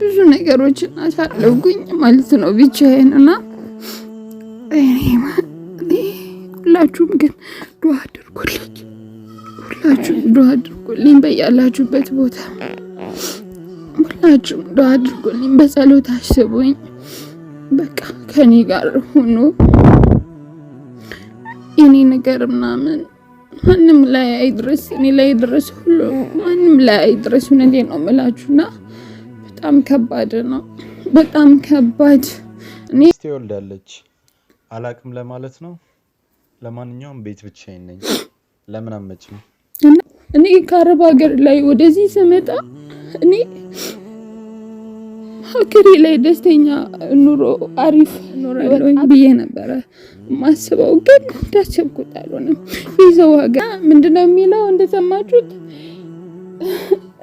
ብዙ ነገሮችን አሳለፍኩኝ ማለት ነው ብቻዬን እና ሁላችሁም ግን ዱአ አድርጉልኝ። ሁላችሁም ዱአ አድርጉልኝ በያላችሁበት ቦታ ሁላችሁም ዱ አድርጉልኝ። በጸሎት አስቡኝ። በቃ ከኔ ጋር ሆኖ የኔ ነገር ምናምን ማንም ላይ አይድረስ፣ እኔ ላይ ድረስ፣ ሁሉ ማንም ላይ አይድረስ። እውነቴን ነው የምላችሁና በጣም ከባድ ነው። በጣም ከባድ እኔ ትወልዳለች አላቅም ለማለት ነው። ለማንኛውም ቤት ብቻዬን ነኝ። ለምን አመጭም እኔ ከአረብ ሀገር ላይ ወደዚህ ስመጣ እኔ ሀገሬ ላይ ደስተኛ ኑሮ አሪፍ ኖራለሁ ብዬ ነበረ ማስበው፣ ግን እንዳሰብኩት አልሆነም። ሀገር ምንድነው የሚለው እንደሰማችሁት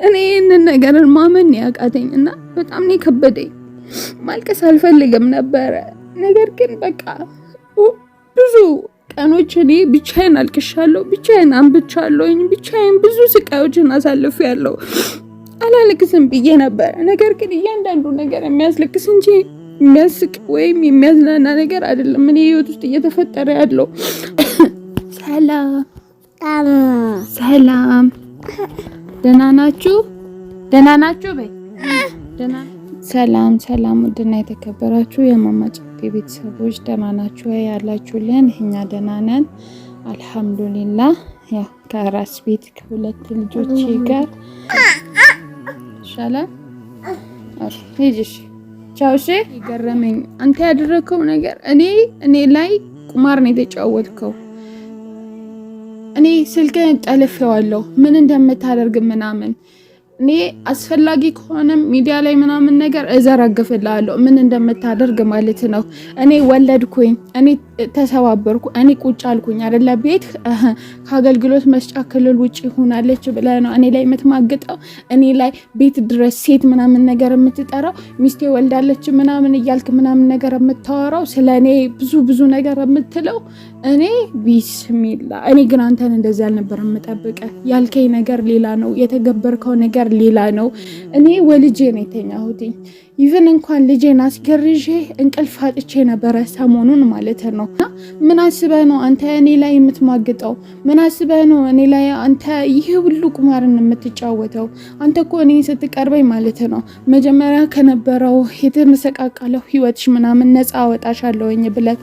እኔ ይህንን ነገር ማመን ያቃተኝ እና በጣም ነው የከበደኝ። ማልቀስ አልፈልግም ነበረ፣ ነገር ግን በቃ ብዙ ቀኖች እኔ ብቻዬን አልቅሻለሁ፣ ብቻዬን አንብቻለሁኝ፣ ብቻዬን ብዙ ስቃዮችን ያለው አላልቅስም ብዬ ነበረ፣ ነገር ግን እያንዳንዱ ነገር የሚያስለቅስ እንጂ የሚያስቅ ወይም የሚያዝናና ነገር አይደለም። እኔ ህይወት ውስጥ እየተፈጠረ ያለው ሰላም ሰላም ደህና ናችሁ? ደህና ናችሁ በይ። ደህና ሰላም ሰላም። ውድና የተከበራችሁ የማማ ጨቤ ቤተሰቦች ደህና ናችሁ ወይ? ያላችሁልን እኛ ደህና ነን አልሐምዱሊላህ። ያ ከራስ ቤት ከሁለት ልጆች ጋር ይሻላል። እሺ ቻው። እሺ ይገረመኝ አንተ ያደረከው ነገር እኔ እኔ ላይ ቁማር ነው የተጫወትከው እኔ ስልክህን ጠልፌዋለሁ ምን እንደምታደርግ ምናምን እኔ አስፈላጊ ከሆነም ሚዲያ ላይ ምናምን ነገር እዘረግፍላለሁ፣ ምን እንደምታደርግ ማለት ነው። እኔ ወለድኩኝ፣ እኔ ተሰባበርኩ፣ እኔ ቁጭ አልኩኝ አይደለ? ቤት ከአገልግሎት መስጫ ክልል ውጭ ሆናለች ብለህ ነው እኔ ላይ የምትማግጠው፣ እኔ ላይ ቤት ድረስ ሴት ምናምን ነገር የምትጠራው፣ ሚስቴ ወልዳለች ምናምን እያልክ ምናምን ነገር የምታወራው፣ ስለ እኔ ብዙ ብዙ ነገር የምትለው እኔ ቢስሚላ። እኔ ግን አንተን እንደዚህ አልነበር የምጠብቀ። ያልከኝ ነገር ሌላ ነው፣ የተገበርከው ነገር ነገር ሌላ ነው። እኔ ወልጄ ነው የተኛሁትኝ። ኢቨን እንኳን ልጄን አስገርዤ እንቅልፍ አጥቼ ነበረ ሰሞኑን ማለት ነው። እና ምን አስበህ ነው አንተ እኔ ላይ የምትማግጠው? ምን አስበህ ነው እኔ ላይ አንተ ይህ ሁሉ ቁማርን የምትጫወተው? አንተ እኮ እኔ ስትቀርበኝ ማለት ነው መጀመሪያ ከነበረው የተመሰቃቃለው ህይወትሽ ምናምን ነፃ አወጣሻለሁኝ ብለህ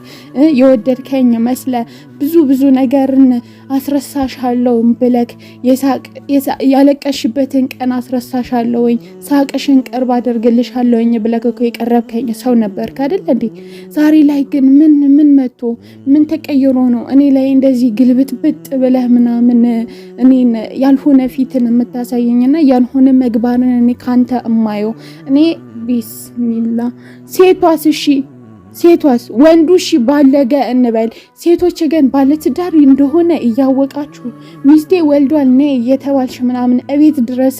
የወደድከኝ መስለ ብዙ ብዙ ነገርን አስረሳሻለሁ ብለክ ያለቀሽበትን ቀን አስረሳሻለሁኝ ሳቅሽን ቅርብ አደርግልሻለሁ አለሁኝ ብለህ እኮ የቀረብከኝ ሰው ነበር አይደል እንዴ? ዛሬ ላይ ግን ምን ምን መጥቶ ምን ተቀይሮ ነው እኔ ላይ እንደዚህ ግልብጥብጥ ብለህ ምናምን እኔን ያልሆነ ፊትን የምታሳየኝና ያልሆነ መግባርን እኔ ካንተ እማየው እኔ ቢስሚላ ሴቷስ እሺ ሴቷስ ወንዱ ሺ ባለገ እንበል፣ ሴቶች ግን ባለትዳር እንደሆነ እያወቃችሁ ሚስቴ ወልዷል ነ እየተባልሽ ምናምን እቤት ድረስ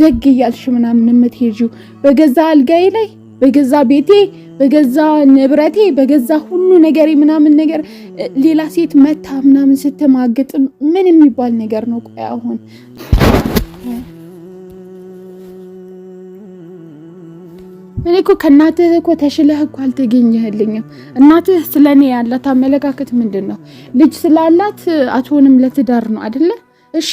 ዘግ እያልሽ ምናምን የምትሄጂው በገዛ አልጋዬ ላይ በገዛ ቤቴ በገዛ ንብረቴ በገዛ ሁሉ ነገር ምናምን ነገር ሌላ ሴት መታ ምናምን ስትማግጥ ምን የሚባል ነገር ነው? ቆይ አሁን እኔ እኮ ከእናትህ እኮ ተሽለህ እኮ አልተገኘህልኝም። እናትህ ስለ እኔ ያላት አመለካከት ምንድን ነው? ልጅ ስላላት አትሆንም ለትዳር ነው አይደለ? እሺ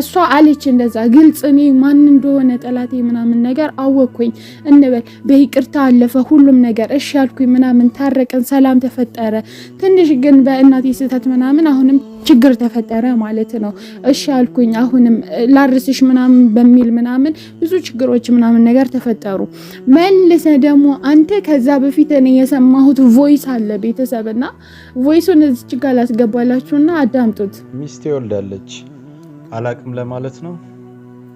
እሷ አለች እንደዛ ግልጽ እኔ ማን እንደሆነ ጠላቴ ምናምን ነገር አወቅኩኝ እንበል በይቅርታ አለፈ ሁሉም ነገር እሺ ያልኩኝ ምናምን ታረቀን፣ ሰላም ተፈጠረ ትንሽ ግን በእናቴ ስህተት ምናምን አሁንም ችግር ተፈጠረ ማለት ነው እሺ ያልኩኝ አሁንም ላርስሽ ምናምን በሚል ምናምን ብዙ ችግሮች ምናምን ነገር ተፈጠሩ መልሰ ደግሞ አንተ ከዛ በፊት እኔ የሰማሁት ቮይስ አለ ቤተሰብና ቮይሱን እዚች ጋ ላስገባላችሁና አዳምጡት ሚስቴ ወልዳለች አላቅም ለማለት ነው።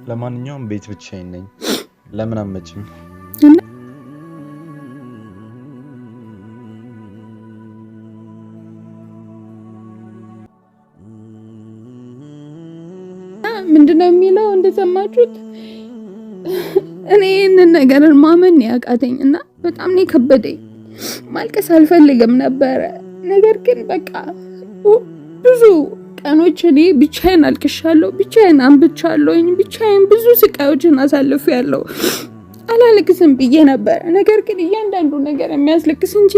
ለማንኛውም ቤት ብቻዬን ነኝ። ለምን አመጭም ምንድነው የሚለው እንደሰማችሁት እኔ ይህንን ነገር ማመን ያቃተኝ እና በጣም ነው የከበደኝ። ማልቀስ አልፈልግም ነበረ፣ ነገር ግን በቃ ብዙ ቀኖች እኔ ብቻዬን አልቅሻለሁ፣ ብቻዬን አንብቻለሁኝ፣ ብቻዬን ብዙ ስቃዮችን አሳልፍ ያለው አላልቅስም ብዬ ነበረ። ነገር ግን እያንዳንዱ ነገር የሚያስለቅስ እንጂ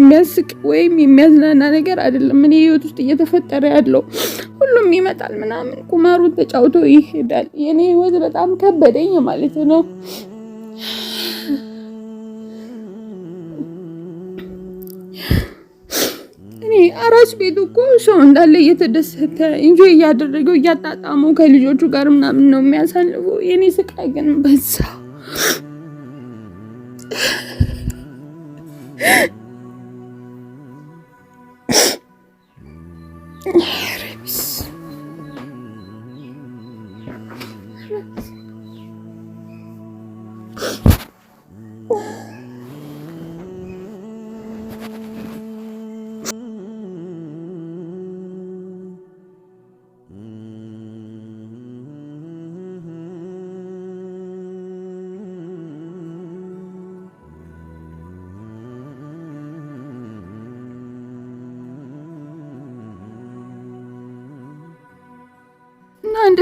የሚያስቅ ወይም የሚያዝናና ነገር አይደለም። እኔ ህይወት ውስጥ እየተፈጠረ ያለው ሁሉም ይመጣል፣ ምናምን ቁማሩን ተጫውቶ ይሄዳል። የእኔ ህይወት በጣም ከበደኝ ማለት ነው። አራስ ቤቱ እኮ ሰው እንዳለ እየተደሰተ እንጂ እያደረገው እያጣጣመው ከልጆቹ ጋር ምናምን ነው የሚያሳልፈው። የኔ ስቃይ ግን በዛ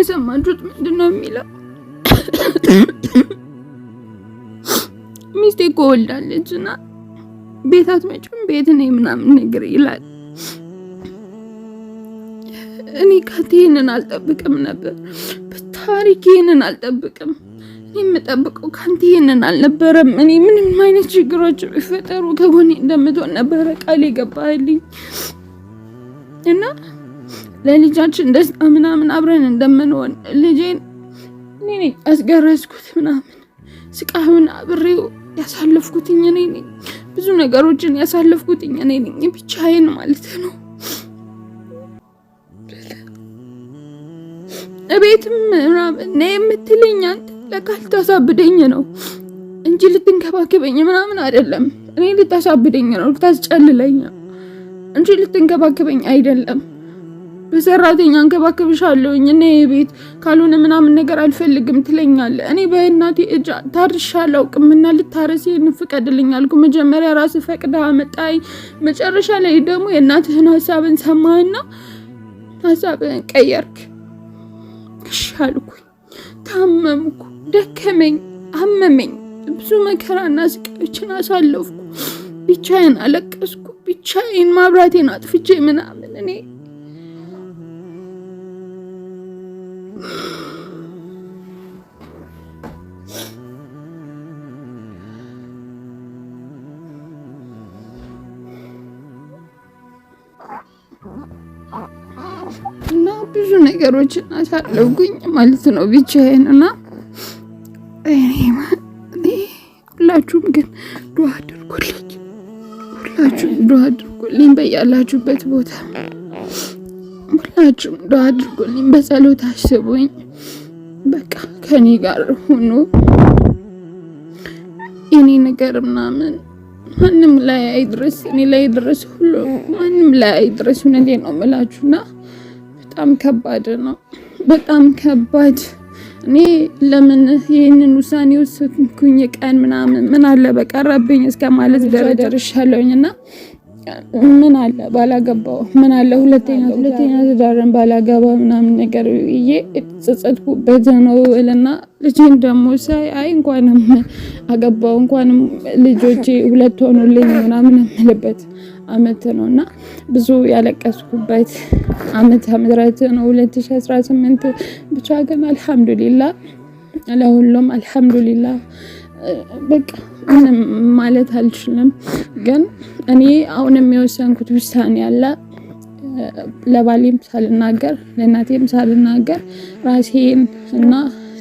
እንደሰማችሁት ምንድን ነው የሚለው? ሚስቴ እኮ ወልዳለች እና ቤት አትመጭም፣ ቤት ነኝ ምናምን ነገር ይላል። እኔ ካት ይሄንን አልጠብቅም ነበር፣ በታሪክ ይሄንን አልጠብቅም። እኔ የምጠብቀው ካንተ ይሄንን አልነበረም። እኔ ምንም አይነት ችግሮች ቢፈጠሩ ከጎኔ እንደምትሆን ነበረ ቃል የገባህልኝ እና ለልጃችን ደስታ ምናምን አብረን እንደምንሆን ልጄን እኔ ያስገረዝኩት ምናምን ስቃዩን አብሬው ያሳለፍኩትኝ እኔ ነኝ። ብዙ ነገሮችን ያሳለፍኩትኝ እኔ ነኝ። ብቻዬን ማለት ነው። እቤትም ምናምን ነይ የምትለኝ አንተ ለካ ልታሳብደኝ ነው እንጂ ልትንከባከበኝ ምናምን አይደለም። እኔ ልታሳብደኝ ነው፣ ልታስጨልለኝ እንጂ ልትንከባከበኝ አይደለም። በሰራተኛ እንከባከብሻለሁኝ እኔ ቤት ካልሆነ ምናምን ነገር አልፈልግም ትለኛለ። እኔ በእናቴ እጅ ታርሻ አላውቅምና ልታረሴ እንፍቀድልኝ አልኩ። መጀመሪያ ራስ ፈቅዳ አመጣኝ። መጨረሻ ላይ ደግሞ የእናትህን ሀሳብን ሰማህና ሀሳብን ቀየርክ። እሺ ታመምኩ፣ ደከመኝ፣ አመመኝ። ብዙ መከራና ስቃዮችን አሳለፍኩ። ብቻዬን አለቀስኩ። ብቻዬን ማብራቴን አጥፍቼ ምናምን እኔ እና ብዙ ነገሮችን አሳለፍኩኝ ማለት ነው ብቻዬን እና ሁላችሁም ግን ዱአ አድርጉልኝ። ሁላችሁም ዱአ አድርጉልኝ በያላችሁበት ቦታ ሁላችሁም ዱአ አድርጉልኝ፣ በጸሎት አስቡኝ። በቃ ከኔ ጋር ሆኖ የኔ ነገር ምናምን ማንም ላይ አይድረስ፣ እኔ ላይ ድረስ፣ ሁሉ ማንም ላይ አይድረስ። እውነቴ ነው የምላችሁና በጣም ከባድ ነው፣ በጣም ከባድ። እኔ ለምን ይህንን ውሳኔ ወሰንኩኝ ቀን ምናምን ምን አለ በቀረብኝ እስከ ማለት ደረጃ ደርሻለሁኝ እና ምን አለ ባላገባው፣ ምን አለ ሁለተኛ ሁለተኛ ትዳርን ባላገባ ምናምን ነገር ብዬ ጸጸትኩበት ነው እልና ልጅን ደግሞ ሳይ አይ እንኳንም አገባው እንኳንም ልጆቼ ሁለት ሆኖልኝ ምናምን የምልበት አመት ነው እና ብዙ ያለቀስኩበት አመት ምረት ነው 2018 ብቻ ግን አልሐምዱሊላ ለሁሉም አልሐምዱሊላ በቃ ማለት አልችልም። ግን እኔ አሁን የሚወሰንኩት ውሳኔ አለ። ለባሌም ሳልናገር ለእናቴም ሳልናገር ራሴን እና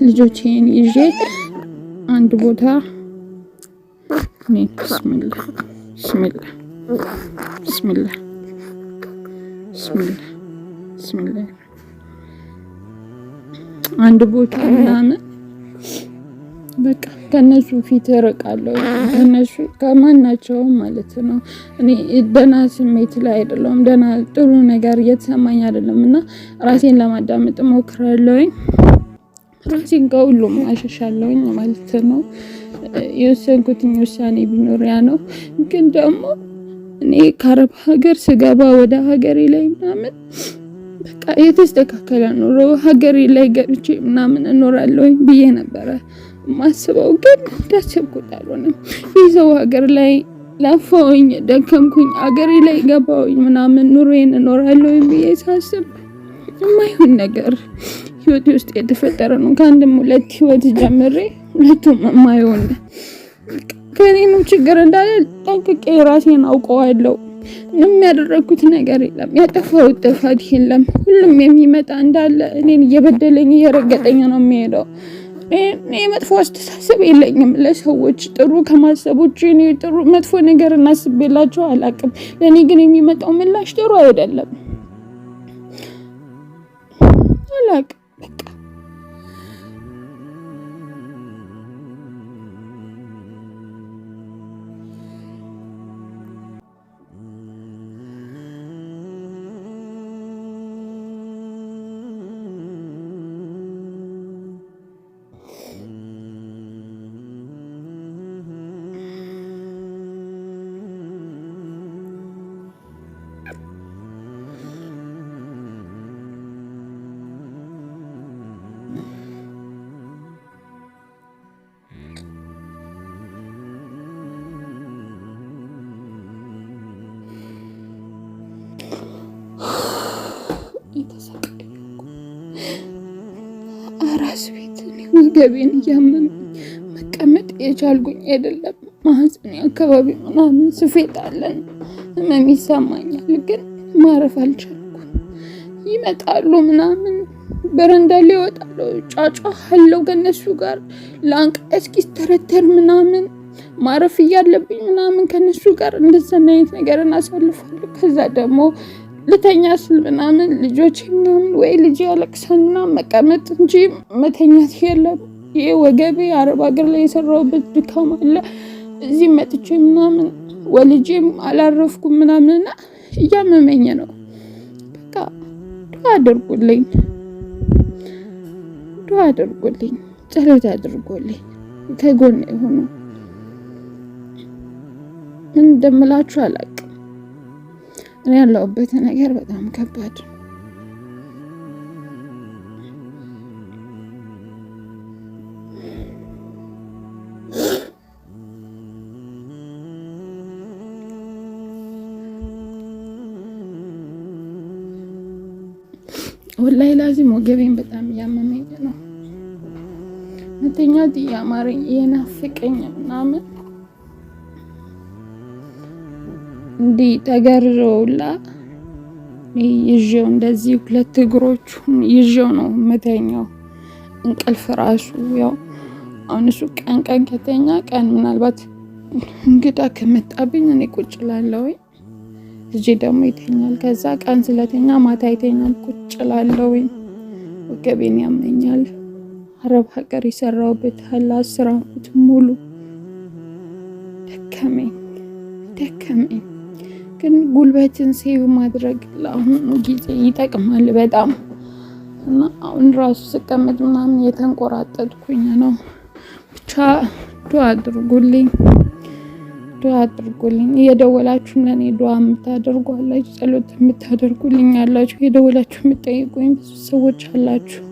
ልጆቼን ይዤ አንድ ቦታ አንድ ቦታ ምናምን በቃ ከነሱ ፊት እርቃለሁ። ከነሱ ከማናቸውም ማለት ነው። እኔ ደህና ስሜት ላይ አይደለሁም። ደህና ጥሩ ነገር እየተሰማኝ አይደለም እና ራሴን ለማዳመጥ ሞክራለሁኝ። ራሴን ከሁሉም አሸሻለሁኝ ማለት ነው። የወሰንኩትኝ ውሳኔ ቢኖሪያ ነው። ግን ደግሞ እኔ ከአረብ ሀገር ስገባ ወደ ሀገሬ ላይ ምናምን በቃ የተስተካከለ ኑሮ ሀገሬ ላይ ገብቼ ምናምን እኖራለሁኝ ብዬ ነበረ ማስበው ግን እንዳሰብኩት አልሆነም። ይዘው ሀገር ላይ ለፋውኝ፣ ደከምኩኝ፣ አገሬ ላይ ገባውኝ ምናምን ኑሮዬን እኖራለሁ ብዬ ሳስብ የማይሆን ነገር ህይወቴ ውስጥ የተፈጠረ ነው። ከአንድም ሁለት ህይወት ጀምሬ ሁለቱም የማይሆን ከኔኑ ችግር እንዳለ ጠንቅቄ ራሴን አውቀዋለሁ። የሚያደረግኩት ነገር የለም፣ ያጠፋሁት ጥፋት የለም። ሁሉም የሚመጣ እንዳለ እኔን እየበደለኝ እየረገጠኝ ነው የሚሄደው። እኔ መጥፎ አስተሳሰብ የለኝም። ለሰዎች ጥሩ ከማሰቦች እኔ ጥሩ መጥፎ ነገር እናስቤላቸው አላውቅም። ለእኔ ግን የሚመጣው ምላሽ ጥሩ አይደለም። አላውቅም አራስ ቤት ወገቤን እያመመኝ መቀመጥ የቻልጉኝ አይደለም። ማህፀኔ አካባቢ ምናምን ስፌት አለን ህመም ይሰማኛል፣ ግን ማረፍ አልቻልኩም። ይመጣሉ ምናምን በረንዳ ላይ እወጣለሁ፣ ጫጫ አለው ከነሱ ጋር ላንቃ እስኪስተረተር ምናምን ማረፍ እያለብኝ ምናምን ከነሱ ጋር እንደዛ አይነት ነገርን አሳልፋለሁ። ከዛ ደግሞ ልተኛ ስል ምናምን ልጆች ምናምን ወይ ልጅ ያለቅሰና መቀመጥ እንጂ መተኛት የለም። ይህ ወገቤ አረብ ሀገር ላይ የሰራውበት ድካም አለ። እዚህ መጥቼ ምናምን ወልጄም አላረፍኩም ምናምንና እያመመኝ ነው። በቃ ዱዓ አድርጉልኝ፣ ዱዓ አድርጉልኝ፣ ጸሎት አድርጉልኝ። ከጎን የሆኑ ምን እንደምላችሁ አላውቅም። ያለውበት ነገር በጣም ከባድ ወላይ ላዚም ወገቤን በጣም እያመመኝ ነው። መተኛት እያማረኝ የናፍቀኝ ምናምን እንዲህ ተገርዘውላ ይዤው እንደዚህ ሁለት እግሮቹን ይዤው ነው የምተኛው። እንቅልፍ ራሱ ያው አሁን እሱ ቀን ቀን ከተኛ ቀን ምናልባት እንግዳ ከመጣብኝ እኔ ቁጭ ላለው ልጄ ደግሞ ይተኛል። ከዛ ቀን ስለተኛ ማታ ይተኛል። ቁጭ ላለው ወገቤን ያመኛል። አረብ ሀገር የሰራሁበት ያህል አስር ሙሉ ደከመኝ ደከመኝ። ግን ጉልበትን ሴቭ ማድረግ ለአሁኑ ጊዜ ይጠቅማል በጣም እና አሁን ራሱ ስቀመጥ ምናምን የተንቆራጠጥኩኝ ነው። ብቻ ዱ አድርጉልኝ፣ ዱ አድርጉልኝ። እየደወላችሁም ለእኔ ዱ የምታደርጉ አላችሁ፣ ጸሎት የምታደርጉልኝ አላችሁ፣ እየደወላችሁ የምጠይቁኝ ብዙ ሰዎች አላችሁ።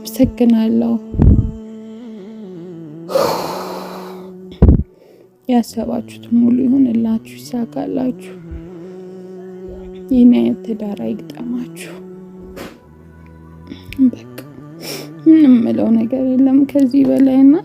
አመሰግናለሁ። ያሰባችሁት ሙሉ ይሁንላችሁ፣ ይሳካላችሁ። ይህን አይነት ትዳር አይግጠማችሁ። በቃ ምንም ምለው ነገር የለም ከዚህ በላይና